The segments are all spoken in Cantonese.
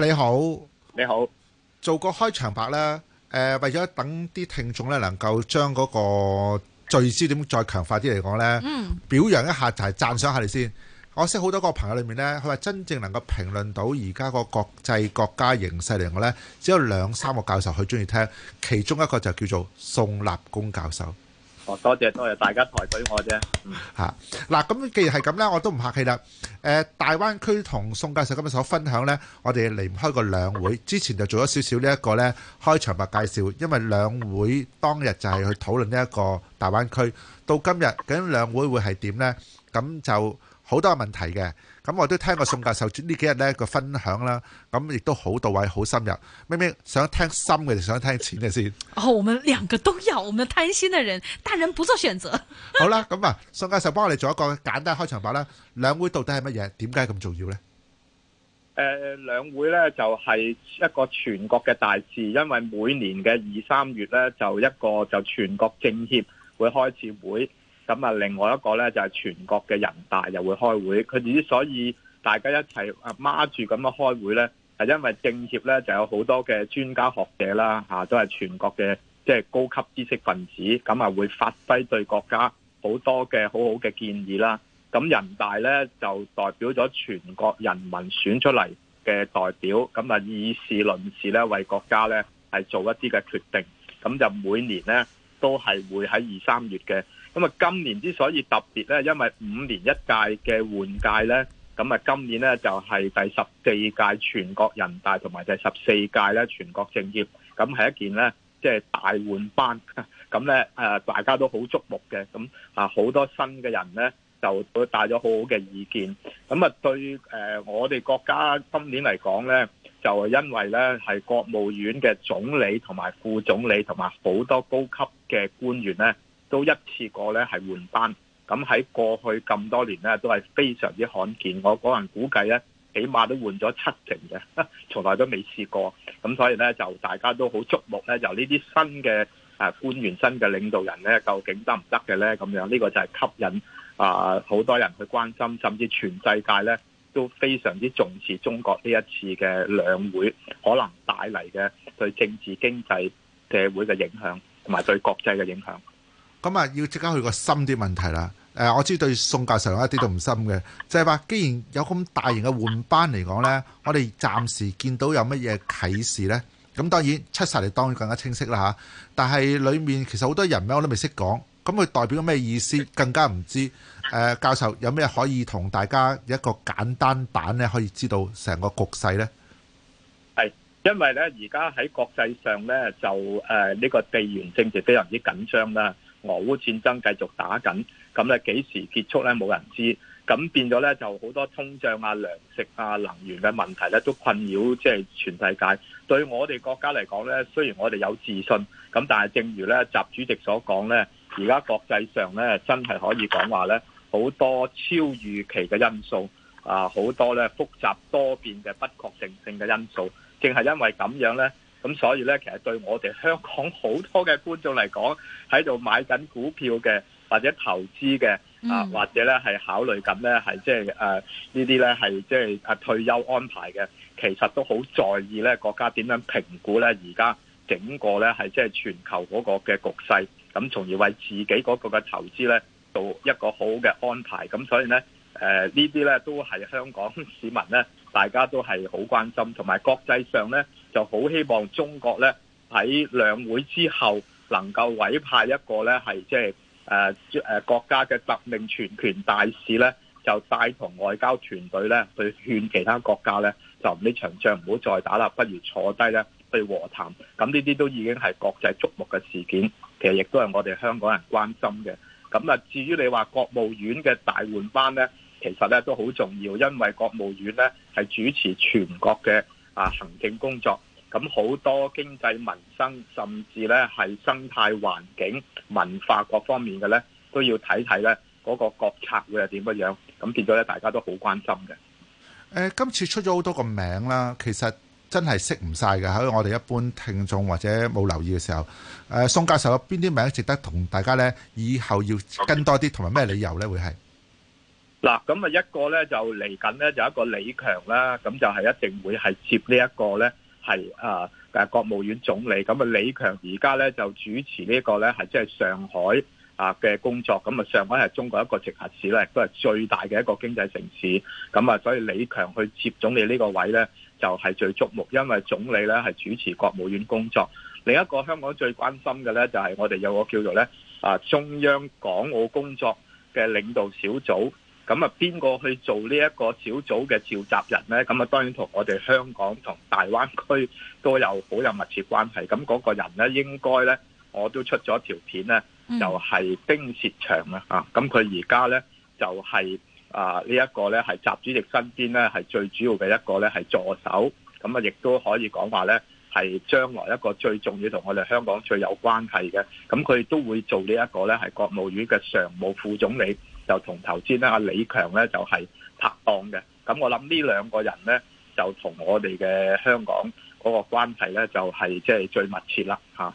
你好，你好，做個開場白啦。誒，為咗等啲聽眾呢，能夠將嗰個聚焦點再強化啲嚟講呢，嗯、表揚一下就係讚賞下你先。我識好多個朋友裏面呢，佢話真正能夠評論到而家個國際國家形勢嚟講呢，只有兩三個教授佢中意聽，其中一個就叫做宋立功教授。哦，多謝多謝大家抬舉我啫。嚇嗱，咁既然係咁咧，我都唔客氣啦。誒，大灣區同宋教授今日所分享咧，我哋離唔開個兩會。之前就做咗少少呢一個咧開場白介紹，因為兩會當日就係去討論呢一個大灣區。到今日，究竟兩會會係點咧？咁就好多問題嘅。咁我都聽過宋教授呢幾日呢個分享啦，咁亦都好到位、好深入。咩咩想聽深嘅定想聽淺嘅先？哦，我們兩個都要，我們貪心的人，大人不做選擇。好啦，咁啊，宋教授幫我哋做一個簡單開場白啦。兩會到底係乜嘢？點解咁重要呢？誒，兩會呢就係一個全國嘅大事，因為每年嘅二三月呢就一個就全國政協會開始會。咁啊，另外一個咧就係全國嘅人大又會開會。佢之所以大家一齊啊孖住咁樣開會咧，係因為政協咧就有好多嘅專家學者啦，吓，都係全國嘅即係高級知識分子，咁啊會發揮對國家好多嘅好好嘅建議啦。咁人大咧就代表咗全國人民選出嚟嘅代表，咁啊以事論事咧為國家咧係做一啲嘅決定，咁就每年咧都係會喺二三月嘅。咁啊，今年之所以特別咧，因為五年一屆嘅換屆咧，咁啊，今年咧就係第十四屆全國人大同埋第十四屆咧全國政協，咁係一件咧，即係大換班，咁咧誒，大家都好矚目嘅，咁啊好多新嘅人咧，就都帶咗好好嘅意見，咁啊對誒，我哋國家今年嚟講咧，就係因為咧係國務院嘅總理同埋副總理同埋好多高級嘅官員咧。都一次過咧，係換班，咁喺過去咁多年呢都係非常之罕見。我個人估計呢起碼都換咗七成嘅，從來都未試過。咁所以呢，就大家都好矚目呢，就呢啲新嘅官員、新嘅領導人行行呢，究竟得唔得嘅呢？咁樣呢個就係吸引啊好多人去關心，甚至全世界呢都非常之重視中國呢一次嘅兩會可能帶嚟嘅對政治、經濟、社會嘅影響，同埋對國際嘅影響。咁啊，要即刻去個深啲問題啦。誒，我知道對宋教授有一啲都唔深嘅，就係話，既然有咁大型嘅換班嚟講呢，我哋暫時見到有乜嘢啟示呢？咁當然出曬嚟當然更加清晰啦。但係裏面其實好多人咩我都未識講，咁佢代表咩意思更加唔知。誒，教授有咩可以同大家一個簡單版呢？可以知道成個局勢呢？係，因為呢，而家喺國際上呢，就誒呢、呃呢個地緣政治非常之緊張啦。俄烏戰爭繼續打緊，咁咧幾時結束咧冇人知，咁變咗咧就好多通脹啊、糧食啊、能源嘅問題咧都困擾即係全世界。對我哋國家嚟講咧，雖然我哋有自信，咁但係正如咧習主席所講咧，而家國際上咧真係可以講話咧，好多超預期嘅因素啊，好多咧複雜多變嘅不確定性嘅因素，正係因為咁樣咧。咁所以咧，其實對我哋香港好多嘅觀眾嚟講，喺度買緊股票嘅，或者投資嘅啊，嗯、或者咧係考慮緊咧，係即係誒呢啲咧係即係啊退休安排嘅，其實都好在意咧國家點樣評估咧而家整個咧係即係全球嗰個嘅局勢，咁從而為自己嗰個嘅投資咧做一個好嘅安排。咁所以呢，誒呢啲咧都係香港市民咧，大家都係好關心，同埋國際上咧。就好希望中國咧喺兩會之後能夠委派一個咧係即係誒誒國家嘅特命全權大使咧，就帶同外交團隊咧去勸其他國家咧，就呢場仗唔好再打啦，不如坐低咧去和談。咁呢啲都已經係國際矚目嘅事件，其實亦都係我哋香港人關心嘅。咁啊，至於你話國務院嘅大換班咧，其實咧都好重要，因為國務院咧係主持全國嘅啊行政工作。咁好多經濟民生，甚至咧係生態環境、文化各方面嘅咧，都要睇睇咧嗰個國策會係點乜樣？咁變咗咧，大家都好關心嘅。誒、呃，今次出咗好多個名啦，其實真係識唔晒嘅。喺我哋一般聽眾或者冇留意嘅時候，誒、呃，宋教授有邊啲名值得同大家咧以後要跟多啲，同埋咩理由咧會係？嗱，咁啊一個咧就嚟緊咧就一個李強啦，咁就係一定會係接這呢一個咧。係啊，誒，國務院總理，咁啊，李強而家咧就主持呢一個咧，係即係上海啊嘅工作。咁啊，上海係中國一個直轄市咧，亦都係最大嘅一個經濟城市。咁啊，所以李強去接總理呢個位咧，就係最矚目，因為總理咧係主持國務院工作。另一個香港最關心嘅咧，就係我哋有個叫做咧啊中央港澳工作嘅領導小組。咁啊，邊個去做呢一個小組嘅召集人呢？咁啊，當然同我哋香港同大灣區都有好有密切關係。咁嗰個人呢應該呢，我都出咗條片，就是嗯啊、呢，就係丁薛祥啦啊！咁佢而家呢，就係啊呢一個呢，係習主席身邊呢，係最主要嘅一個呢，係助手。咁啊，亦都可以講話呢，係將來一個最重要同我哋香港最有關係嘅。咁佢都會做呢一個呢，係國務院嘅常務副總理。就同頭先咧，阿李強咧就係拍檔嘅，咁我諗呢兩個人咧就同我哋嘅香港嗰個關係咧就係即係最密切啦吓。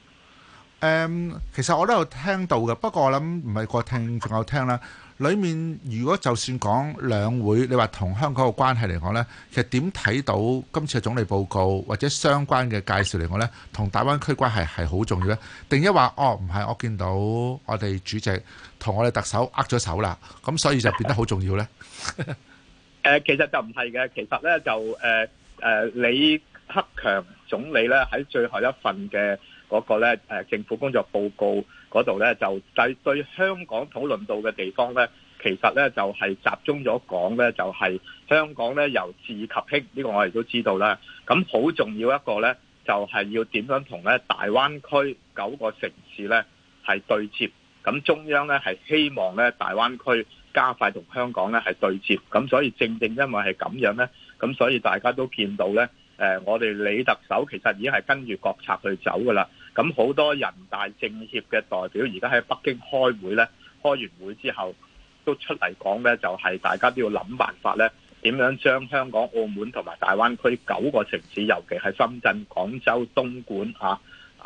誒，其實我都有聽到嘅，不過我諗唔係個聽，仲有聽啦。裏面如果就算講兩會，你話同香港個關係嚟講呢，其實點睇到今次嘅總理報告或者相關嘅介紹嚟講呢，同大灣區關係係好重要呢？定一話哦，唔係我見到我哋主席同我哋特首握咗手啦，咁所以就變得好重要呢？誒，其實就唔係嘅，其實呢就誒誒李克強總理呢喺最後一份嘅嗰個呢誒政府工作報告。嗰度咧就就對，對香港討論到嘅地方咧，其實咧就係、是、集中咗講咧，就係、是、香港咧由治及興，呢、這個我哋都知道啦。咁好重要一個咧，就係、是、要點樣同咧大灣區九個城市咧係對接。咁中央咧係希望咧大灣區加快同香港咧係對接。咁所以正正因為係咁樣咧，咁所以大家都見到咧，誒，我哋李特首其實已經係跟住國策去走㗎喇。咁好多人大政協嘅代表而家喺北京開會咧，開完會之後都出嚟講咧，就係大家都要諗辦法咧，點樣將香港、澳門同埋大灣區九個城市，尤其係深圳、廣州、東莞啊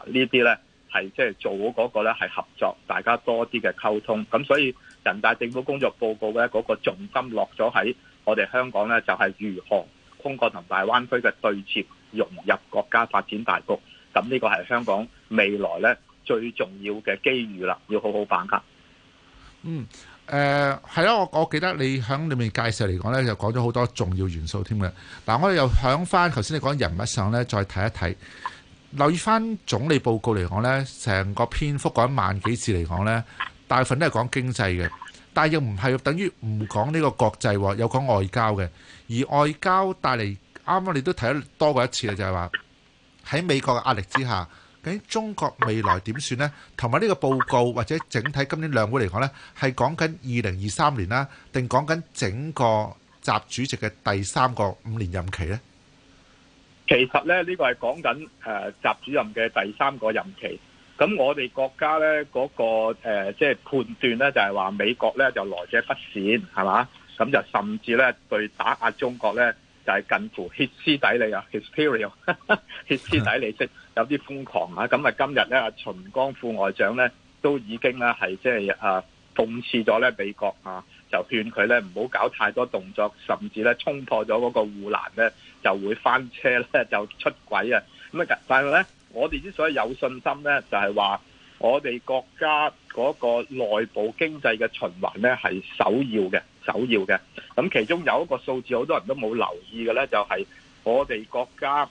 呢啲咧，係即係做嗰個咧係合作，大家多啲嘅溝通。咁所以人大政府工作報告咧，嗰個重心落咗喺我哋香港咧，就係如何通過同大灣區嘅對接，融入國家發展大局。咁呢個係香港未來咧最重要嘅機遇啦，要好好把握。嗯，誒、呃，係啦，我我記得你響裏面介紹嚟講呢，就講咗好多重要元素添嘅。嗱、嗯，我哋又響翻頭先你講人物上呢，再睇一睇。留意翻總理報告嚟講呢，成個篇幅講一萬幾次嚟講呢，大部分都係講經濟嘅，但係又唔係等於唔講呢個國際，有講外交嘅。而外交帶嚟，啱啱你都睇得多過一次嘅，就係、是、話。喺美國嘅壓力之下，究竟中國未來點算咧？同埋呢個報告或者整體今年兩會嚟講咧，係講緊二零二三年啦，定講緊整個習主席嘅第三個五年任期咧？其實咧，呢個係講緊誒習主任嘅第三個任期。咁我哋國家咧嗰個誒，即係判斷咧，就係話美國咧就來者不善，係嘛？咁就甚至咧對打壓中國咧。就係近乎歇斯底里啊，hysteria，歇 斯底里式，有啲瘋狂啊。咁啊，今日咧，秦剛副外長咧，都已經咧係即係啊諷刺咗咧美國啊，就勸佢咧唔好搞太多動作，甚至咧衝破咗嗰個護欄咧，就會翻車咧，就出軌啊。咁啊，但係咧，我哋之所以有信心咧，就係、是、話我哋國家嗰個內部經濟嘅循環咧，係首要嘅。首要嘅，咁其中有一個數字好多人都冇留意嘅咧，就係我哋國家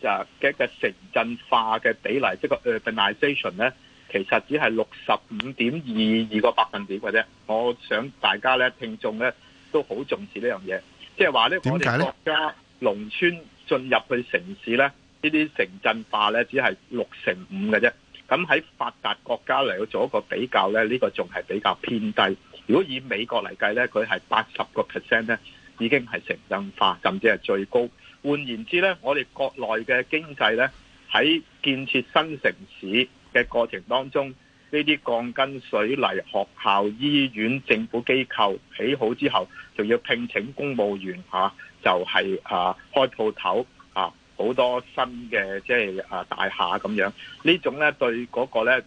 嘅一個城鎮化嘅比例，即個 urbanization 咧，其實只係六十五點二二個百分點嘅啫。我想大家咧，聽眾咧都好重視呢樣嘢，即係話咧，我哋國家農村進入去城市咧，呢啲城鎮化咧，只係六成五嘅啫。咁喺發達國家嚟去做一個比較咧，呢個仲係比較偏低。如果以美國嚟計呢佢係八十個 percent 呢已經係城鎮化，甚至係最高。換言之呢我哋國內嘅經濟呢喺建設新城市嘅過程當中，呢啲鋼筋水泥學校、醫院、政府機構起好之後，仲要聘請公務員嚇，就係啊開鋪頭啊，好多新嘅即係啊大廈咁樣，呢種呢對嗰個咧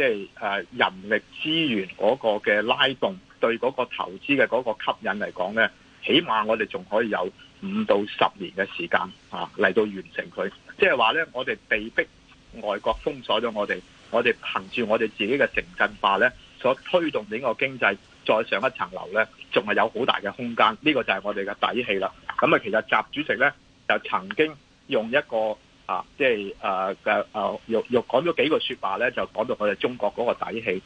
即係誒人力資源嗰個嘅拉動，對嗰個投資嘅嗰個吸引嚟講咧，起碼我哋仲可以有五到十年嘅時間啊，嚟到完成佢。即係話咧，我哋被逼外國封鎖咗我哋，我哋憑住我哋自己嘅城鎮化咧，所推動整個經濟再上一層樓咧，仲係有好大嘅空間。呢個就係我哋嘅底氣啦。咁啊，其實習主席咧就曾經用一個。啊，即係誒嘅誒，又又講咗幾個說話咧，就講到我哋中國嗰個底氣。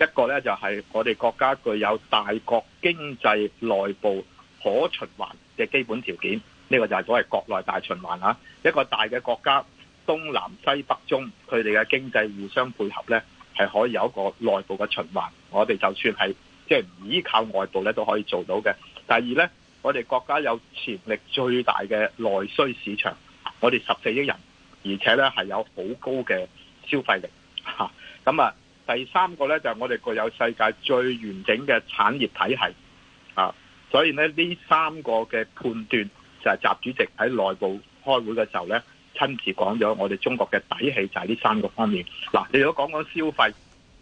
一個咧就係我哋國家具有大國經濟內部可循環嘅基本條件，呢個就係所謂國內大循環啊。一個大嘅國家東南西北中，佢哋嘅經濟互相配合咧，係可以有一個內部嘅循環。我哋就算係即係唔依靠外部咧，都可以做到嘅。第二咧，我哋國家有潛力最大嘅內需市場。我哋十四億人，而且呢係有好高嘅消費力嚇。咁啊，啊，第三個呢就係、是、我哋具有世界最完整嘅產業體系啊。所以呢，呢三個嘅判斷就係、是、習主席喺內部開會嘅時候呢，親自講咗我哋中國嘅底氣就係、是、呢三個方面。嗱、啊，你如果講講消費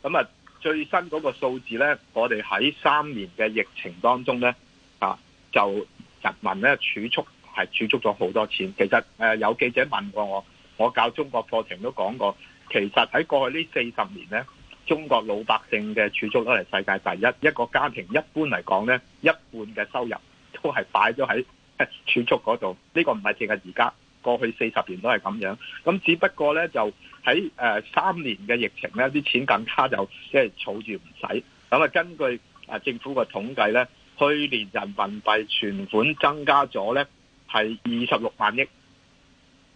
咁啊，最新嗰個數字呢，我哋喺三年嘅疫情當中呢，啊，就人民呢儲蓄。係儲蓄咗好多錢，其實誒有記者問過我，我教中國課程都講過，其實喺過去呢四十年呢，中國老百姓嘅儲蓄都係世界第一，一個家庭一般嚟講呢，一半嘅收入都係擺咗喺儲蓄嗰度，呢個唔係淨係而家，過去四十年都係咁樣，咁只不過呢，就喺誒三年嘅疫情呢，啲錢更加就即係儲住唔使，咁啊根據啊政府嘅統計呢，去年人民幣存款增加咗呢。係二十六萬億，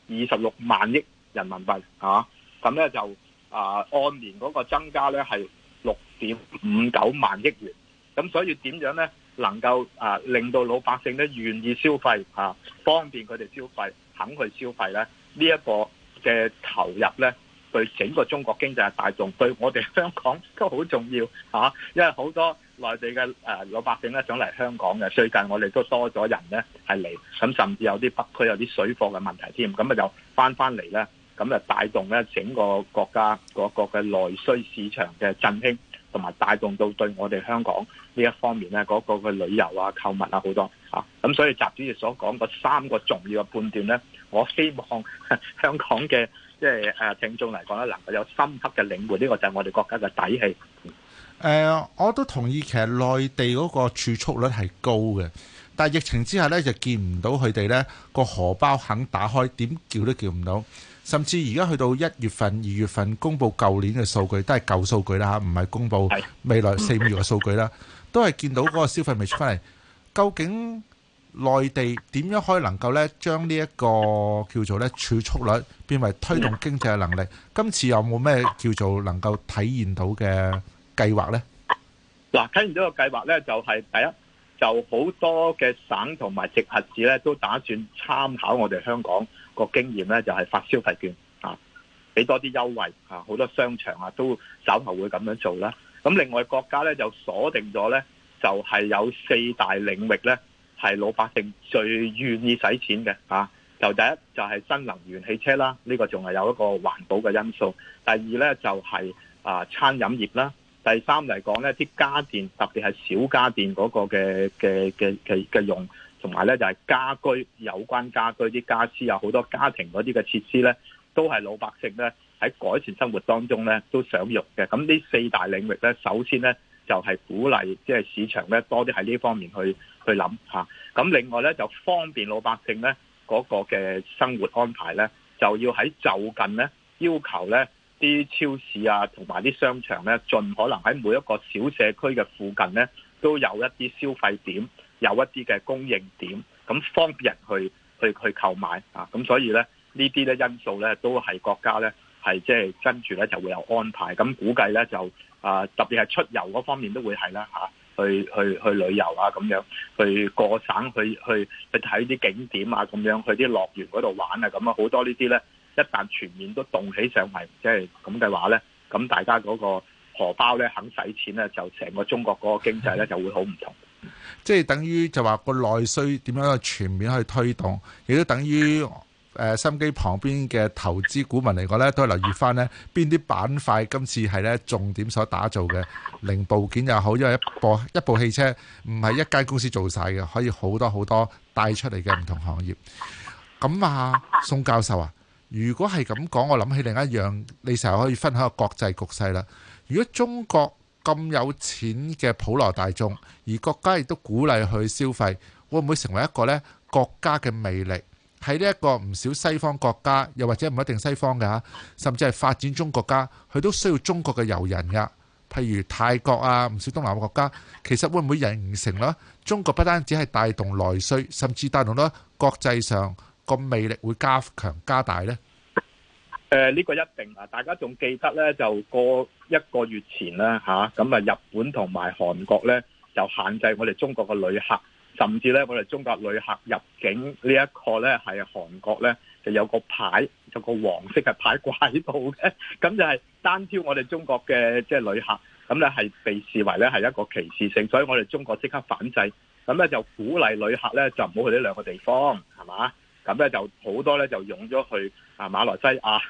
二十六萬億人民幣啊！咁咧就啊，按年嗰個增加咧係六點五九萬億元。咁所以點樣咧能夠啊令到老百姓咧願意消費啊，方便佢哋消費，肯去消費咧？呢一個嘅投入咧，對整個中國經濟嘅大眾，對我哋香港都好重要啊！因為好多。內地嘅誒老百姓咧想嚟香港嘅，最近我哋都多咗人咧係嚟，咁甚至有啲北區有啲水貨嘅問題添，咁咪就翻翻嚟咧，咁就帶動咧整個國家嗰、那個嘅內需市場嘅振興，同埋帶動到對我哋香港呢一方面咧嗰、那個嘅旅遊啊、購物啊好多啊，咁所以習主席所講嗰三個重要嘅判斷咧，我希望香港嘅即係誒聽眾嚟講咧能夠有深刻嘅領會，呢、這個就係我哋國家嘅底氣。誒、呃，我都同意，其實內地嗰個儲蓄率係高嘅，但係疫情之下咧就見唔到佢哋咧個荷包肯打開，點叫都叫唔到。甚至而家去到一月份、二月份公布舊年嘅數據，都係舊數據啦吓，唔係公布未來四五月嘅數據啦，都係見到嗰個消費未出翻嚟。究竟內地點樣可以能夠咧將呢一個叫做咧儲蓄率變為推動經濟嘅能力？今次有冇咩叫做能夠體現到嘅？計劃咧，嗱睇完呢個計劃咧，就係第一就好多嘅省同埋直轄市咧，都打算參考我哋香港個經驗咧，就係發消費券啊，俾多啲優惠啊，好多商場啊都稍後會咁樣做啦。咁另外國家咧就鎖定咗咧，就係有四大領域咧係老百姓最願意使錢嘅啊。就第一就係新能源汽車啦，呢個仲係有一個環保嘅因素。第二咧就係啊餐飲業啦。第三嚟講咧，啲家電特別係小家電嗰個嘅嘅嘅嘅嘅用，同埋咧就係、是、家居有關家居啲家私啊，好多家庭嗰啲嘅設施咧，都係老百姓咧喺改善生活當中咧都想用嘅。咁呢四大領域咧，首先咧就係、是、鼓勵即係市場咧多啲喺呢方面去去諗吓。咁另外咧就方便老百姓咧嗰、那個嘅生活安排咧，就要喺就近咧要求咧。啲超市啊，同埋啲商場咧，盡可能喺每一個小社區嘅附近咧，都有一啲消費點，有一啲嘅供應點，咁方便人去去去購買啊！咁所以咧，呢啲咧因素咧，都係國家咧係即係跟住咧就會有安排。咁估計咧就啊，特別係出遊嗰方面都會係啦吓，去去去旅遊啊，咁樣去過省去去去睇啲景點啊，咁樣去啲樂園嗰度玩啊，咁啊好多呢啲咧。一旦全面都動起上嚟，即係咁嘅話呢，咁大家嗰個荷包呢肯使錢呢，就成個中國嗰個經濟呢就會好唔同。嗯、即係等於就話個內需點樣去全面去推動，亦都等於誒、呃、心機旁邊嘅投資股民嚟講呢，都係留意翻呢邊啲板塊，今次係呢重點所打造嘅零部件又好，因為一部一部汽車唔係一間公司做晒嘅，可以好多好多帶出嚟嘅唔同行業。咁啊，宋教授啊！如果係咁講，我諗起另一樣，你成日可以分享個國際局勢啦。如果中國咁有錢嘅普羅大眾，而國家亦都鼓勵去消費，會唔會成為一個呢國家嘅魅力？喺呢一個唔少西方國家，又或者唔一定西方嘅，甚至係發展中國家，佢都需要中國嘅遊人噶。譬如泰國啊，唔少東南亞國家，其實會唔會形成啦？中國不單止係帶動內需，甚至帶動咗國際上個魅力會加強加大呢？誒、呃、呢、這個一定啊！大家仲記得呢，就過一個月前啦，吓，咁啊、嗯，日本同埋韓國呢，就限制我哋中國嘅旅客，甚至呢，我哋中國旅客入境呢一個呢，係韓國呢就有個牌，就有個黃色嘅牌掛喺度嘅，咁就係單挑我哋中國嘅即係旅客，咁呢係被視為呢係一個歧視性，所以我哋中國即刻反制，咁呢就鼓勵旅客呢，就唔好去呢兩個地方，係嘛？咁咧就好多咧就湧咗去啊馬來西亞、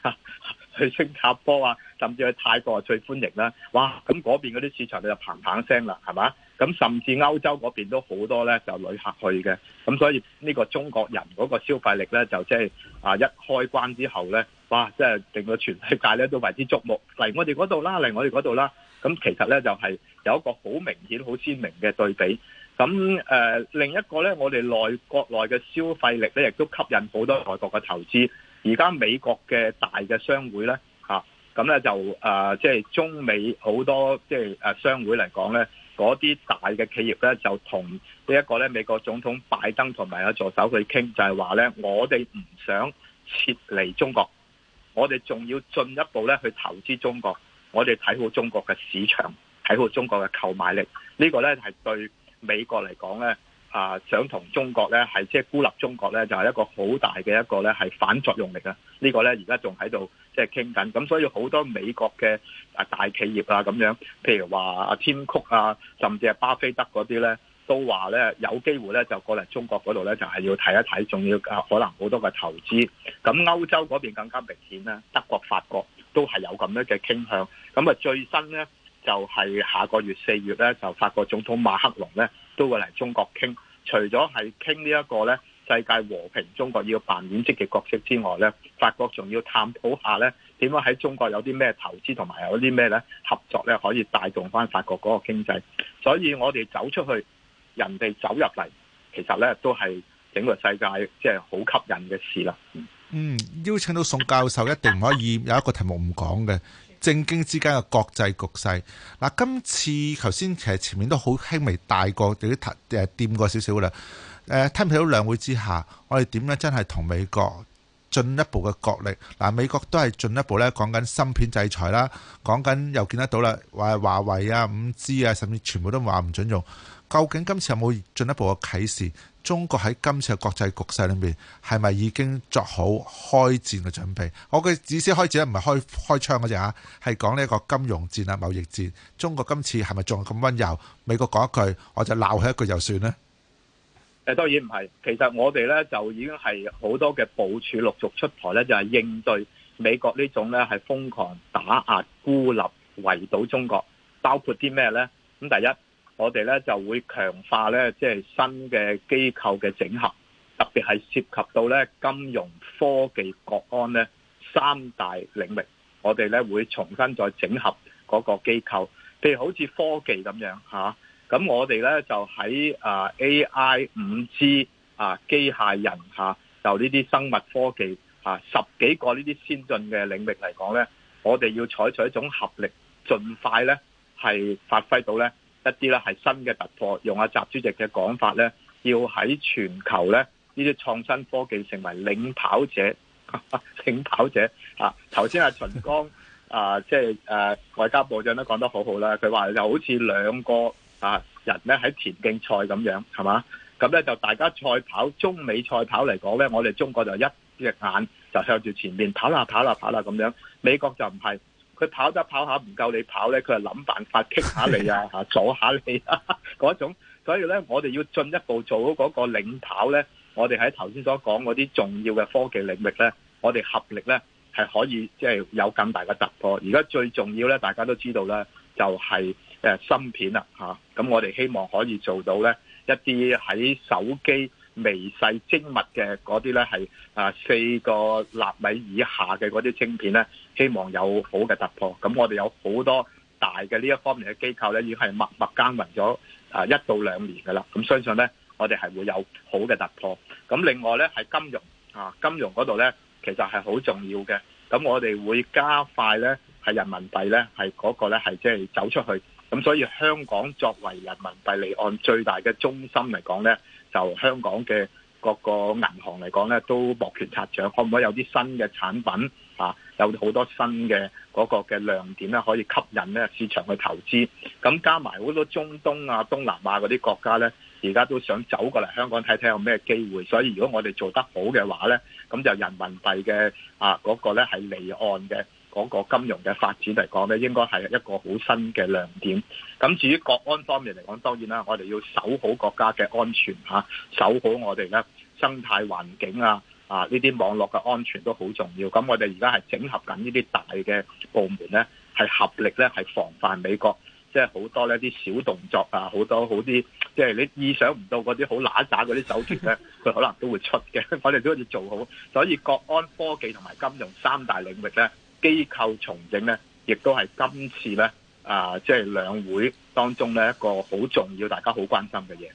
去新加坡啊，甚至去泰國最歡迎啦！哇，咁嗰邊嗰啲市場就砰砰聲啦，係嘛？咁甚至歐洲嗰邊都好多咧，就旅客去嘅。咁所以呢個中國人嗰個消費力咧，就即係啊一開關之後咧，哇！即係令到全世界咧都為之矚目。嚟我哋嗰度啦，嚟我哋嗰度啦。咁其實咧就係有一個好明顯、好鮮明嘅對比。咁誒、呃，另一個呢，我哋內國內嘅消費力呢，亦都吸引好多外國嘅投資。而家美國嘅大嘅商會呢，咁、啊、呢、呃，就誒，即係中美好多即係、即係誒、商會嚟講呢，嗰啲大嘅企業呢，就同呢一個呢美國總統拜登同埋有助手去傾，就係、是、話呢，我哋唔想撤離中國，我哋仲要進一步呢去投資中國，我哋睇好中國嘅市場，睇好中國嘅購買力，呢、呢個呢係對。美國嚟講呢啊、呃、想同中國呢，係即係孤立中國呢，就係、是、一個好大嘅一個呢，係反作用力啊！呢、這個呢，而家仲喺度即係傾緊，咁所以好多美國嘅大企業啊咁樣，譬如話阿 Tim Cook 啊，甚至係巴菲特嗰啲呢，都話呢，有機會呢，就過嚟中國嗰度呢，就係、是、要睇一睇，仲要可能好多嘅投資。咁歐洲嗰邊更加明顯啦，德國、法國都係有咁樣嘅傾向。咁啊最新呢。就係下個月四月咧，就法國總統馬克龍咧都會嚟中國傾。除咗係傾呢一個咧，世界和平，中國要扮演積極角色之外咧，法國仲要探討下咧，點樣喺中國有啲咩投資同埋有啲咩咧合作咧，可以帶動翻法國嗰個經濟。所以我哋走出去，人哋走入嚟，其實咧都係整個世界即係好吸引嘅事啦。嗯，邀請到宋教授一定唔可以有一個題目唔講嘅。政經之間嘅國際局勢，嗱、啊、今次頭先其實前面都好輕微大過，或者誒掂過少少嘅啦。誒聽唔聽到兩會之下，我哋點咧真係同美國進一步嘅角力？嗱、啊，美國都係進一步咧講緊芯片制裁啦，講緊又見得到啦，話華為啊、五 G 啊，甚至全部都話唔準用。究竟今次有冇進一步嘅啟示？中國喺今次嘅國際局勢裏面，係咪已經作好開戰嘅準備？我嘅意思開始咧，唔係開開槍嗰隻啊，係講呢一個金融戰啊、貿易戰。中國今次係咪仲咁溫柔？美國講一句，我就鬧佢一句就算咧？誒，當然唔係。其實我哋咧就已經係好多嘅部署陸續出台咧，就係應對美國呢種咧係瘋狂打壓、孤立、圍堵中國。包括啲咩咧？咁第一。我哋咧就會強化咧，即係新嘅機構嘅整合，特別係涉及到咧金融、科技、國安咧三大領域。我哋咧會重新再整合嗰個機構，譬如好似科技咁樣吓，咁我哋咧就喺啊 AI、五 G 啊機械人吓，就呢啲生物科技啊十幾個呢啲先進嘅領域嚟講咧，我哋要採取一種合力，盡快咧係發揮到咧。一啲咧係新嘅突破，用阿習主席嘅講法咧，要喺全球咧呢啲創新科技成為領跑者，呵呵領跑者啊！頭先阿秦剛啊，即係誒外交部長都講得好好啦，佢話就好似兩個啊人咧喺田徑賽咁樣，係嘛？咁咧就大家賽跑，中美賽跑嚟講咧，我哋中國就一隻眼就向住前面跑啦，跑啦、啊，跑啦、啊、咁、啊、樣，美國就唔係。佢跑得跑下唔夠你跑呢，佢係諗辦法棘下你啊，吓阻下你啊嗰種。所以呢，我哋要進一步做好嗰個領跑呢，我哋喺頭先所講嗰啲重要嘅科技領域呢，我哋合力呢係可以即係有更大嘅突破。而家最重要呢，大家都知道呢，就係誒芯片啊吓。咁我哋希望可以做到呢一啲喺手機微細精密嘅嗰啲呢，係啊四個納米以下嘅嗰啲晶片呢，希望有好嘅突破。咁我哋有好多大嘅呢一方面嘅機構呢，已經係默默耕耘咗啊一到兩年噶啦。咁相信呢，我哋係會有好嘅突破。咁另外呢，係金融啊，金融嗰度呢，其實係好重要嘅。咁我哋會加快呢係人民幣呢，係嗰個呢，係即係走出去。咁所以香港作為人民幣離岸最大嘅中心嚟講呢。就香港嘅各個銀行嚟講咧，都摩拳擦掌，可唔可以有啲新嘅產品啊？有好多新嘅嗰個嘅亮點咧，可以吸引咧市場去投資，咁加埋好多中東啊、東南亞嗰啲國家咧，而家都想走過嚟香港睇睇有咩機會，所以如果我哋做得好嘅話咧，咁就人民幣嘅啊嗰個咧係離岸嘅。嗰個金融嘅發展嚟講，呢，應該係一個好新嘅亮點。咁至於國安方面嚟講，當然啦，我哋要守好國家嘅安全吓，守好我哋呢生態環境啊，啊呢啲網絡嘅安全都好重要。咁我哋而家係整合緊呢啲大嘅部門呢，係合力呢，係防範美國，即係好多呢啲小動作啊，好多好啲即係你意想唔到嗰啲好揦渣嗰啲手段呢，佢可能都會出嘅。我哋都要做好，所以國安、科技同埋金融三大領域呢。機構重整咧，亦都係今次咧啊，即係兩會當中咧一個好重要、大家好關心嘅嘢。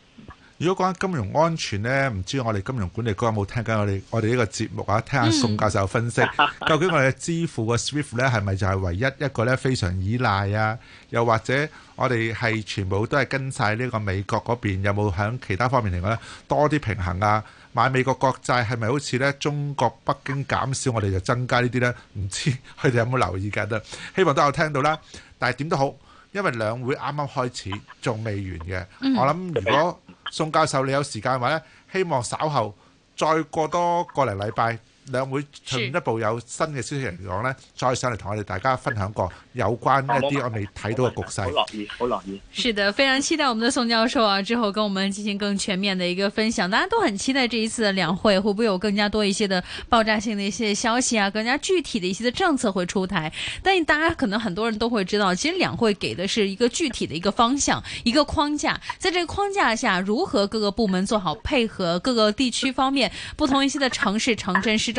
如果講緊金融安全咧，唔知我哋金融管理局有冇聽緊我哋我哋呢個節目啊？聽下宋教授分析，究竟我哋嘅支付嘅 SWIFT 咧，係咪就係唯一一個咧非常依賴啊？又或者我哋係全部都係跟曬呢個美國嗰邊？有冇喺其他方面嚟講咧多啲平衡啊？買美國國債係咪好似咧中國北京減少，我哋就增加呢啲咧？唔知佢哋有冇留意嘅咧？希望都有聽到啦。但係點都好，因為兩會啱啱開始，仲未完嘅。我諗如果宋教授，你有時間嘅話咧，希望稍後再過多個零禮拜。兩會進一步有新的消息嚟講呢，是再上嚟同我哋大家分享過有關一啲我未睇到嘅局勢。好樂意，好樂意。樂意是的，非常期待我們的宋教授啊，之後跟我們進行更全面的一個分享。大家都很期待這一次的兩會會不會有更加多一些的爆炸性的一些消息啊，更加具體的一些的政策會出台。但大家可能很多人都會知道，其實兩會給的是一個具體的一個方向，一個框架。在這個框架下，如何各個部門做好配合，各個地區方面，不同一些的城市、城鎮、市場。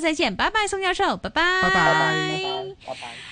再見，拜拜，宋教授，拜拜，拜拜，拜拜，拜拜。